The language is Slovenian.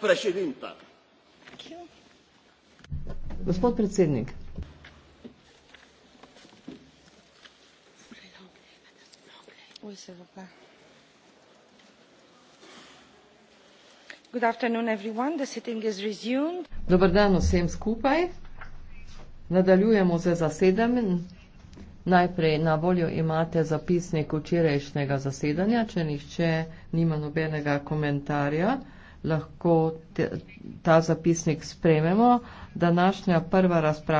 președintă. Gospod predsednik. Good afternoon, everyone. The sitting is resumed. Dobar dan vsem skupaj. Nadaljujemo z zasedanjem. Najprej na voljo imate zapisnik včerajšnjega zasedanja, če nišče nima nobenega komentarja lahko te, ta zapisnik sprememo. Današnja prva razprava